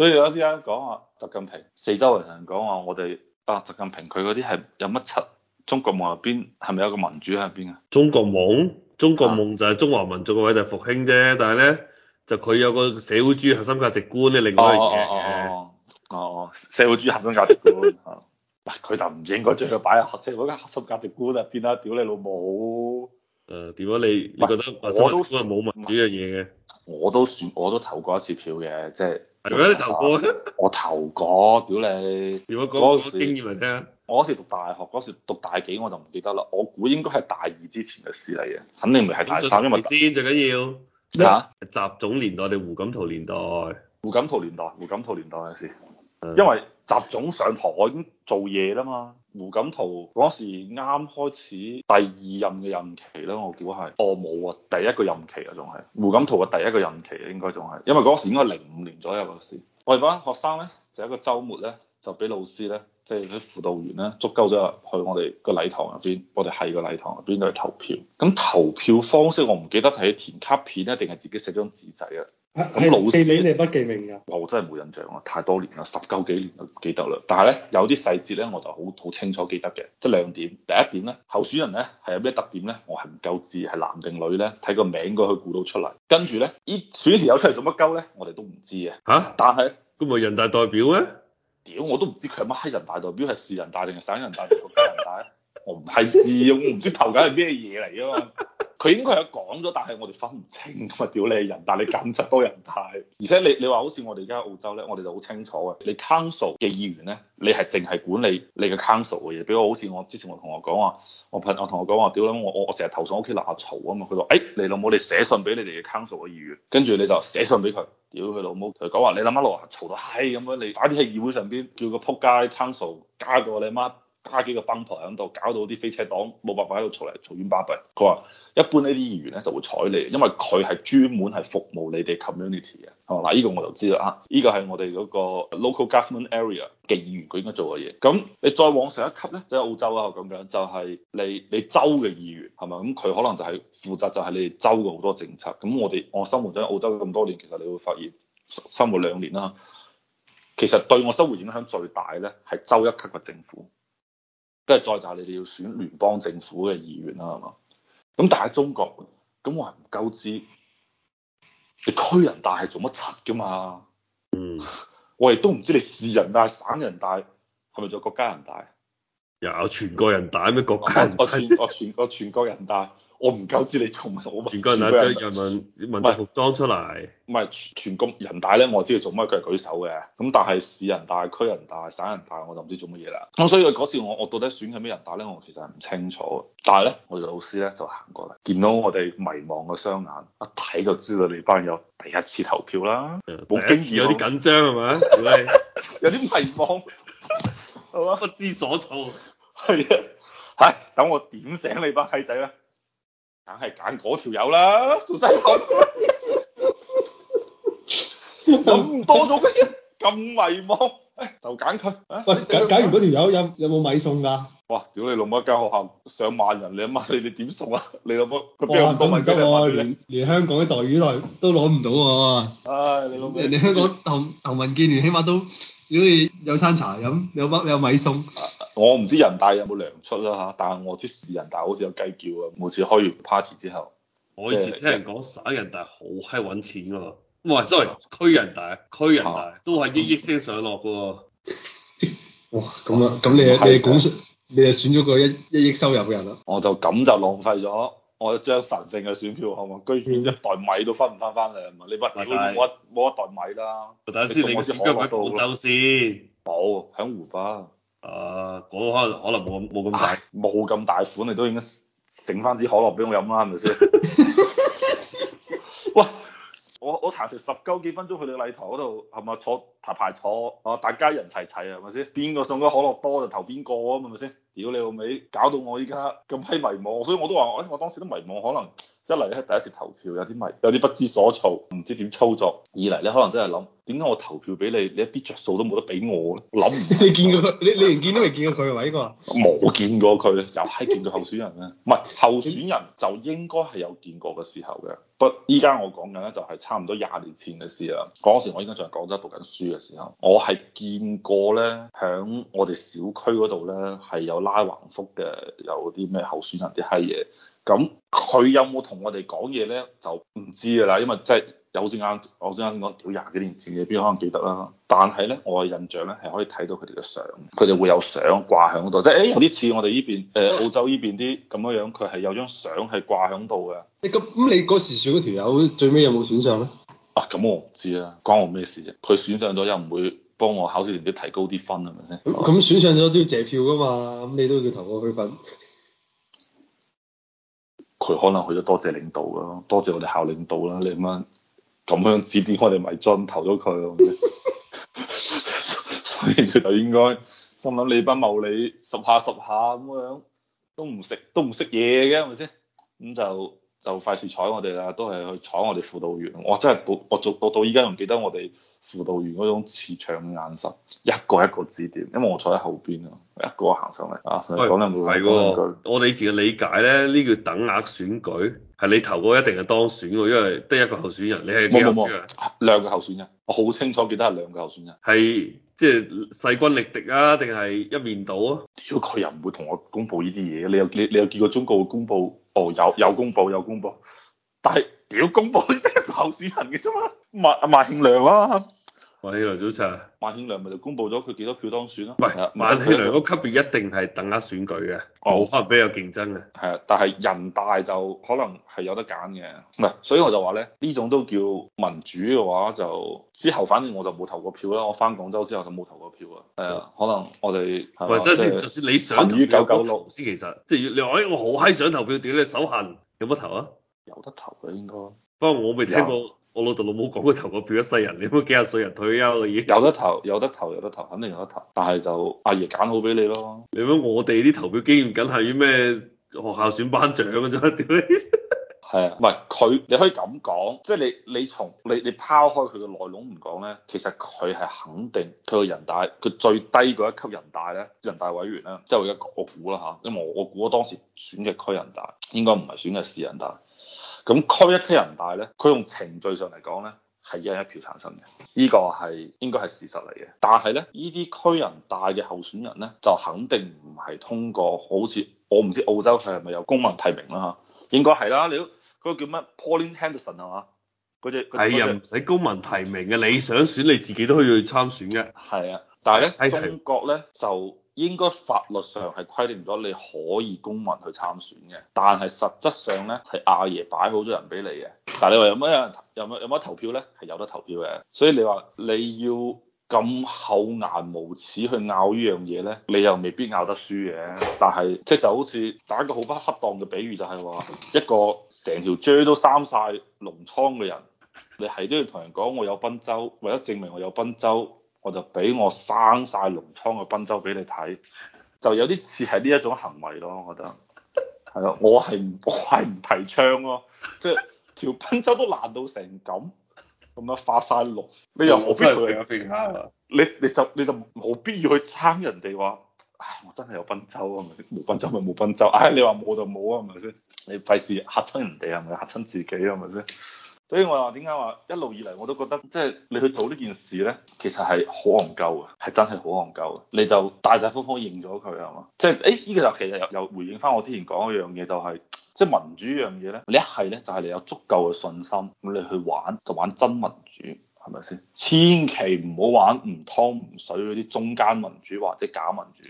所以有啲人講，講啊，習近平四周圍有人講話，我哋啊，習近平佢嗰啲係有乜柒？中國夢入邊係咪有個民主喺入邊啊？中國夢，中國夢就係中華民族嘅偉大復興啫。但係咧，就佢有個社會主義核心價值觀咧，另外一樣嘢。哦哦，社會主義核心價值觀，嗱佢 就唔應該將佢擺喺社會嘅核心價值觀入邊啦，屌你老母！誒點解你你覺得我都冇民主樣嘢嘅，我都算我都投過一次票嘅，即係。係咯，你投過？ 我投過，屌你！如果講、那、講、個、經驗嚟聽，我嗰時讀大學，嗰時讀大幾我就唔記得啦。我估應該係大二之前嘅事嚟嘅，肯定唔會係大三。咪、啊、為先最緊要咩？習、啊、總年代定胡，胡錦濤年代？胡錦濤年代？胡錦濤年代嘅事，的因為習總上台已經做嘢啦嘛。胡錦濤嗰時啱開始第二任嘅任期咯，我估係，哦，冇啊，第一個任期啊，仲係胡錦濤嘅第一個任期應該仲係，因為嗰時應該零五年左右嘅事。我哋班學生咧就一個週末咧就俾老師咧，即係佢輔導員咧捉鳩咗入去我哋個禮堂入邊，我哋喺個禮堂入邊度去投票。咁投票方式我唔記得係填卡片咧，定係自己寫張紙仔啊？咁老四記名定係不記名噶？我真係冇印象啊，太多年啦，十嚿幾年就唔記得啦。但係咧，有啲細節咧，我就好好清楚記得嘅，即係兩點。第一點咧，候選人咧係有咩特點咧，我係唔夠知係男定女咧，睇個名過去估到出嚟。跟住咧，咦，選賢有出嚟做乜鳩咧，我哋都唔知啊。吓？但係咁咪人大代表咩？屌，我都唔知佢係乜閪人大代表，係市人大定係省人大定係人大？ 我唔係知，我唔知投緊係咩嘢嚟啊嘛。佢應該佢有講咗，但係我哋分唔清咁啊！屌你係人大，但係你簡直都人大。而且你你話好似我哋而家澳洲咧，我哋就好清楚嘅。你 council 嘅議員咧，你係淨係管理你嘅 council 嘅嘢。比如好似我之前我同我講話，我朋我同我講話，屌你我我成日投訴屋企鬧嘈啊嘛。佢話：哎，你老母，你寫信俾你哋嘅 council 嘅議員，跟住你就寫信俾佢。屌佢老母！佢講話，你諗下落啊嘈到嗨咁樣，你快啲喺議會上邊叫個撲街 council 加個你媽！差幾個崩盤喺度，搞到啲飛車黨冇辦法喺度嘈嚟嘈亂巴閉。佢話：一般呢啲議員咧就會睬你，因為佢係專門係服務你哋 community 嘅。係嗱？依、這個我就知啦。呢、啊這個係我哋嗰個 local government area 嘅議員，佢應該做嘅嘢。咁你再往上一級咧，就係、是、澳洲啦，咁樣就係、是、你你州嘅議員係嘛？咁佢可能就係、是、負責就係你哋州嘅好多政策。咁我哋我生活咗喺澳洲咁多年，其實你會發現生活兩年啦，其實對我生活影響最大咧係州一級嘅政府。跟住再就係你哋要選聯邦政府嘅議員啦，係嘛？咁但係喺中國，咁我係唔夠知，你區人大係做乜柒噶嘛？嗯，我亦都唔知你市人大、省人大係咪做國家人大？有全國人大咩？國家人大 我全我全我全，全國人大。我唔夠知你做乜，全國人大人民民族服裝出嚟，唔係全全國人大咧，我知道做乜，佢係舉手嘅。咁但係市人大、區人大、省人大，我就唔知做乜嘢啦。咁所以嗰時我我到底選緊咩人大咧？我其實係唔清楚。但係咧，我哋老師咧就行過嚟，見到我哋迷茫嘅雙眼，一睇就知道你班友第一次投票啦，冇經驗，有啲緊張係嘛？ 有啲迷茫係嘛？ 不知所措。係啊， 唉，等我點醒你班閪仔咧～梗係揀嗰條友啦，做曬咁多咗個咁 迷惘， 就揀佢他。唔係揀完嗰條友有有冇米送㗎？哇！屌你老母，間學校上萬人，你阿媽你哋點送啊？你老母佢俾兩個米俾你，你連，連香港嘅待遇都都攞唔到啊！唉、哎，你老母人哋香港同同民建聯起碼都。如果你好似有餐茶飲，有包有米餸，我唔知人大有冇糧出啦嚇，但係我知市人大好似有雞叫啊。每次開完 party 之後，我以前聽人講省人大好閪揾錢㗎、啊、喂，唔係 sorry，區人大區人大都係一億先上落㗎喎，的哇咁啊咁你、嗯、你係選，你係選咗個一一億收入嘅人啊？我就咁就浪費咗。我一張神聖嘅選票，好嘛？居然一袋米都分唔翻翻嚟，係咪、嗯？你唔冇是一冇一袋米啦。等先是，你，我你選咗咩廣州先？冇，喺湖北。啊，可能可能冇冇咁大，冇咁、哎、大款，你都應該剩翻支可樂俾我飲啦，係咪先？哇！我我行成十鳩幾分鐘去你禮堂嗰度，係咪坐排排坐？啊，大家人齊齊啊，係咪先？邊個送咗可樂多就投邊個啊？係咪先？屌你老味！搞到我依家咁閪迷茫，所以我都話：誒、哎，我當時都迷茫，可能一嚟咧第一次投票有啲迷，有啲不知所措，唔知點操作；二嚟咧可能真係諗。點解我投票俾你？你一啲着數都冇得俾我咧，諗唔到？你見過佢？你你連見都未見過佢喎？呢個冇見過佢，有睇見過候選人啊？唔係候選人就應該係有見過嘅時候嘅。不，依家我講緊咧就係差唔多廿年前嘅事啦。嗰時我應該在廣州讀緊書嘅時候，我係見過咧，響我哋小區嗰度咧係有拉橫幅嘅，有啲咩候選人啲閪嘢。咁佢有冇同我哋講嘢咧就唔知㗎啦，因為即係。有隻眼，我隻眼先講，屌廿幾年前嘅邊可能記得啦。但係咧，我嘅印象咧係可以睇到佢哋嘅相，佢哋會有相掛喺度，即係誒有啲似我哋依邊誒、呃、澳洲依邊啲咁樣樣，佢係有張相係掛喺度嘅。咁咁你嗰時選嗰條友最尾有冇選上咧？啊，咁我唔知啦，關我咩事啫？佢選上咗又唔會幫我考試成績提高啲分係咪先？咁咁選上咗都要謝票㗎嘛？咁你都要投個票。佢可能去咗多謝領導咯，多謝我哋校領導啦，你咁樣。咁樣指點我哋迷津，投咗佢咯， 所以佢就應該心諗你不謀利，十下十下咁樣都唔食都唔食嘢嘅，係咪先？咁就就費事睬我哋啦，都係去睬我哋輔導員。我真係我做到我到依家仲記得我哋輔導員嗰種慈祥嘅眼神，一個一個指點，因為我坐喺後邊啊，一個行上嚟啊，講兩句。我哋自己理解咧，呢叫等額選舉。係你投過一定係當選，因為得一個候選人，你係邊個輸啊？兩個候選人。我好清楚記得係兩個候選人。係即係勢均力敵啊，定係一面倒啊？屌佢又唔會同我公佈呢啲嘢，你有你你有見過中國公佈？哦有有公佈有公佈，但係屌公佈啲咩候選人嘅啫嘛？麥阿麥慶良啊！萬慶良早晨。萬慶良咪就公布咗佢幾多票當選咯。喂，萬慶良嗰級別一定係等額選舉嘅，冇、哦、可能比較競爭嘅。係啊，但係人大就可能係有得揀嘅。唔係，所以我就話咧，呢種都叫民主嘅話就，就之後反正我就冇投過票啦。我翻廣州之後就冇投過票啦。係啊，可能我哋唔係先，就算你想投票都先，其實即係你我我好閪想投票，點解你手痕有冇得投啊？有得投嘅應該。不過我未聽過。我老豆老母講，投個票一世人,你乜幾廿歲人退休已經有得投，有得投，有得投，肯定有得投。但係就阿爺揀好俾你咯。你估我哋啲投票經驗緊係咩？學校選班長咁樣啫。屌你係啊，唔係佢，你可以咁講，即係你你從你你拋開佢嘅內容唔講咧，其實佢係肯定佢個人大，佢最低嗰一級人大咧，人大委員咧，即係我而家我我估啦嚇，因為我我估當時選嘅區人大應該唔係選嘅市人大。咁區一區人大咧，佢用程序上嚟講咧，係一人一票產生嘅，呢、這個係應該係事實嚟嘅。但係咧，呢啲區人大嘅候選人咧，就肯定唔係通過，好似我唔知澳洲佢係咪有公民提名啦嚇，應該係啦。你都嗰個叫咩 Pauline Henderson 係嘛？嗰隻係啊，唔使、哎、公民提名嘅，你想選你自己都可以去參選嘅。係啊，但係咧，哎、中國咧就，應該法律上係規定咗你可以公民去參選嘅，但係實質上呢係阿爺擺好咗人俾你嘅。但係你話有乜人投有乜有乜投票呢？係有得投票嘅。所以你話你要咁厚顏無恥去拗呢樣嘢呢，你又未必拗得輸嘅。但係即係就好似打一個好不恰當嘅比喻，就係話一個成條蕉都生晒膿瘡嘅人，你係都要同人講我有賓周，為咗證明我有賓周。我就俾我生晒膿瘡嘅賓周俾你睇，就有啲似係呢一種行為咯，我覺得係啊，我係我係唔提倡咯，即係條賓周都爛到成咁，咁樣化晒膿，你又冇必，、啊、必要去，你你就你就冇必要去爭人哋話，唉，我真係有賓周啊，係咪冇賓周咪冇賓周，唉、哎，你話冇就冇啊，係咪先？你費事嚇親人哋係咪啊？嚇親自己係咪先？是所以我話點解話一路以嚟我都覺得，即係你去做呢件事呢，其實係好戇鳩嘅，係真係好戇鳩嘅。你就大大方方認咗佢係嘛？即係誒，依、哎呢個就其實又又回應翻我之前講一樣嘢，就係，就係即係民主依樣嘢呢。你一係呢，就係、係、你有足夠嘅信心，咁你去玩就玩真民主，係咪先？千祈唔好玩唔湯唔水嗰啲中間民主或者假民主。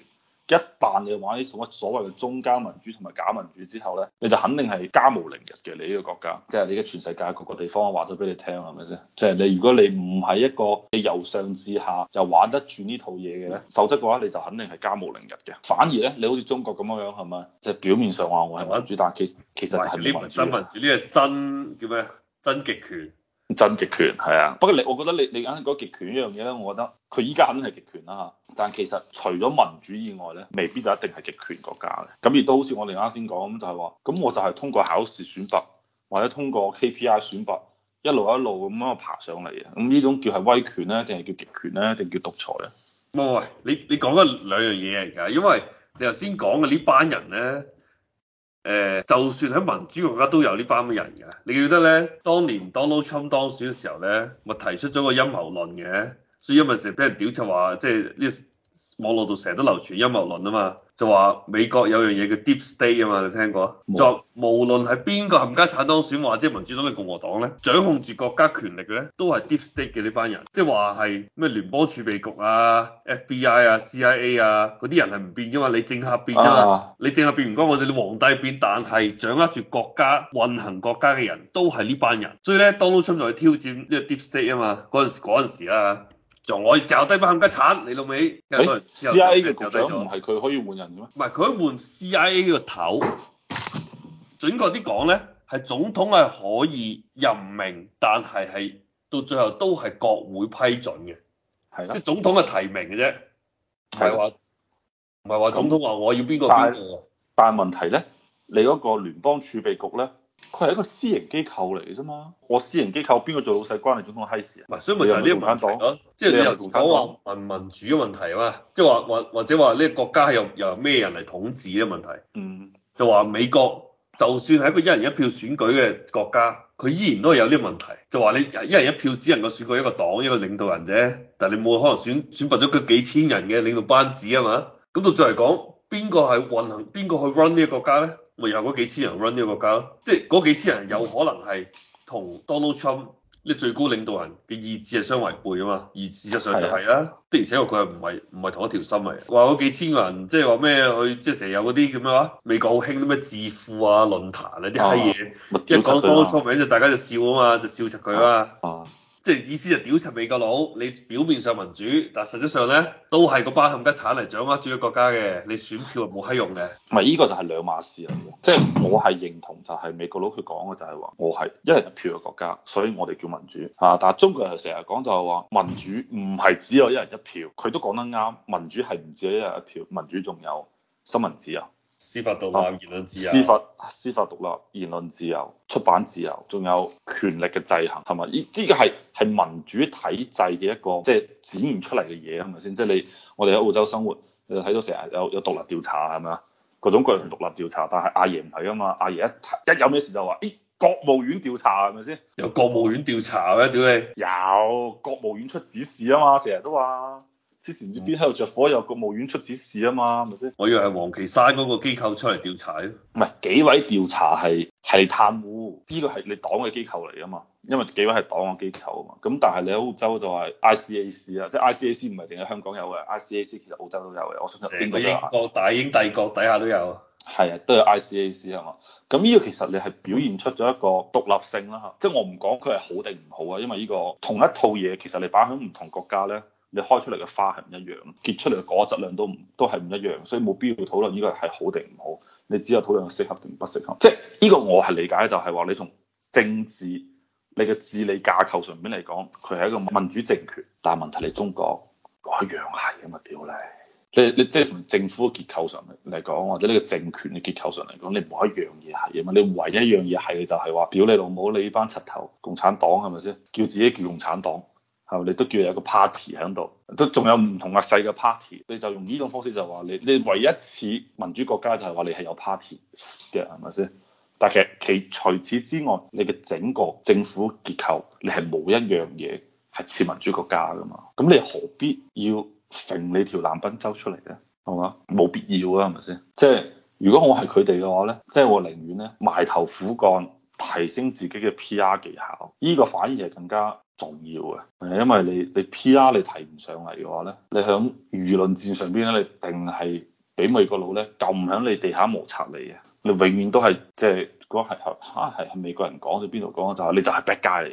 一旦你玩啲什麼所謂嘅中間民主同埋假民主之後咧，你就肯定係家無寧日嘅你呢個國家，即係你嘅全世界各個地方我話咗俾你聽，係咪先？即係你如果你唔係一個你由上至下又玩得住呢套嘢嘅咧，否則嘅話你就肯定係家無寧日嘅。反而咧，你好似中國咁樣樣係咪？即係表面上話我係玩得住，有但係其實有其實就係真民主，呢個真，真叫咩？真極權。真極權係啊，不過你我覺得你你啱先講極權一樣嘢咧，我覺得佢依家肯定係極權啦嚇，但係其實除咗民主以外咧，未必就一定係極權國家嘅。咁亦都好似我哋啱先講咁，就係話，咁我就係通過考試選拔，或者通過 KPI 選拔，一路一路咁樣爬上嚟啊。咁呢種叫係威權咧，定係叫極權咧，定叫獨裁咧？冇啊，你你講緊兩樣嘢嚟㗎，因為你頭先講嘅呢班人咧。誒、呃，就算喺民主國家都有呢班人㗎。你記得咧，當年 Donald Trump 當選嘅時候咧，咪提出咗個陰謀論嘅，所以因為成日俾人屌柒話，即係呢。網絡度成日都流傳陰謀論啊嘛，就話美國有樣嘢叫 deep state 啊嘛，你聽過？沒 就無論係邊個冚家產當選，或者民主黨嘅共和黨咧，掌控住國家權力嘅咧，都係 deep state 嘅呢班人。即係話係咩聯邦儲備局啊、FBI 啊、CIA 啊嗰啲人係唔變嘅嘛，你政客變咗、啊啊啊，你政客變唔關，我哋皇帝變，但係掌握住國家運行國家嘅人都係呢班人。所以咧，Donald Trump 就去挑戰呢個 deep state 啊嘛，嗰陣時嗰陣就我就低班冚家鏟，你老味。C I A 嘅局長唔係佢可以換人嘅咩？唔係佢可以換 C I A 嘅頭。準確啲講咧，係總統係可以任命，但係係到最後都係國會批准嘅，係啦的。即係總統係提名嘅啫，唔係話，唔係話總統話我要邊個邊個。但係誰問題咧，你嗰個聯邦儲備局咧？佢係一個私營機構嚟嘅啫嘛，我私營機構邊個做老細關你咁多閪事啊？唔係，所以咪就係呢個問題，即係你又講話民民主嘅問題啊嘛，即係話或或者話呢個國家係由咩人嚟統治嘅問題？嗯，就話美國就算係一個一人一票選舉嘅國家，佢依然都係有呢個問題。就話你一人一票只能夠選舉一個黨一個領導人啫，但係你冇可能選選拔咗佢幾千人嘅領導班子啊嘛。咁到再嚟講。邊個係運行？邊個去 run 呢個國家咧？咪有嗰幾千人 run 呢個國家咯？即係嗰幾千人有可能係同 Donald Trump 呢最高領導人嘅意志係相違背啊嘛。而事實上就係啦、啊，是的而且佢係唔係唔係同一條心嚟。話嗰幾千個人即係話咩？佢即係成日有嗰啲叫咩話？美國好興啲咩智庫啊、論壇啊啲閪嘢，一講 Donald Trump 名，就大家就笑啊嘛，就笑柒佢啊嘛。啊啊即係意思就屌柒美國佬，你表面上民主，但實際上呢，都係個班冚家產嚟掌握住個國家嘅，你選票係冇閪用嘅。唔係，呢個就係兩碼事啦，即係我係認同就係美國佬佢講嘅就係話，我係一人一票嘅國家，所以我哋叫民主嚇，啊。但係中國人成日講就話民主唔係只有一人一票，佢都講得啱，民主係唔止一人一票，民主仲有新聞自由啊。司法獨立、言論自由、司法司法獨立、言論自由、出版自由，仲有權力嘅制衡，係咪？依呢個係係民主體制嘅一個，即係展現出嚟嘅嘢，係咪先？即係你我哋喺澳洲生活，睇到成日有有獨立調查，係咪啊？各種各樣獨立調查，但係阿爺唔係啊嘛，阿爺一一有咩事就話：咦、哎，國務院調查係咪先？有國務院調查咩屌你？有國務院出指示啊嘛，成日都話。之前唔知邊喺度着火，有國務院出指示啊嘛，咪先？我以為係王岐山嗰個機構出嚟調查唔係，紀委調查係係貪污，依、呢個係你黨嘅機構嚟啊嘛。因為紀委係黨嘅機構啊嘛。咁但係你喺澳洲就係 I C A C 啊，即係 I C A C，唔係淨係香港有嘅，I C A C 其實澳洲都有嘅。我相信成個英國大英帝國底下都有。係啊，都有 I C A C，係嘛？咁呢個其實你係表現出咗一個獨立性啦吓，即係我唔講佢係好定唔好啊，因為呢個同一套嘢其實你擺喺唔同國家咧。你開出嚟嘅花係唔一樣，結出嚟嘅果質量都唔都係唔一樣，所以冇必要討論呢個係好定唔好。你只有討論適合定唔適合。即係呢個我係理解就係話你從政治你嘅治理架構上面嚟講，佢係一個民主政權。但係問題你中國，冇一樣係咁嘛，屌你！你你即係從政府嘅結構上嚟講，或者呢個政權嘅結構上嚟講，你冇一樣嘢係啊嘛。你唯一一樣嘢係就係話屌你老母，你呢班柒頭共產黨係咪先？叫自己叫共產黨。係你都叫有個 party 喺度，都仲有唔同壓勢嘅 party。你就用呢種方式就話你，你唯一似民主國家就係話你係有 party 嘅，係咪先？但其實其除此之外，你嘅整個政府結構，你係冇一樣嘢係似民主國家噶嘛？咁你何必要揈你條藍賓州出嚟咧？係嘛？冇必要啊，係咪先？即係如果我係佢哋嘅話呢，即係我寧願呢埋頭苦幹，提升自己嘅 P.R. 技巧，呢、這個反而係更加重要嘅，因為你你 P.R. 你提唔上嚟嘅話咧，你響輿論戰上邊咧，你定係俾美國佬咧撳響你地下摩擦你嘅，你永遠都係即係如果係吓係係美國人講，到邊度講就係你就係 bad guy 嚟。